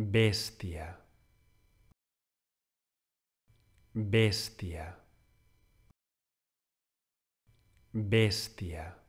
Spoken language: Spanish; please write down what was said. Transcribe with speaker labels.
Speaker 1: bestia, bestia, bestia.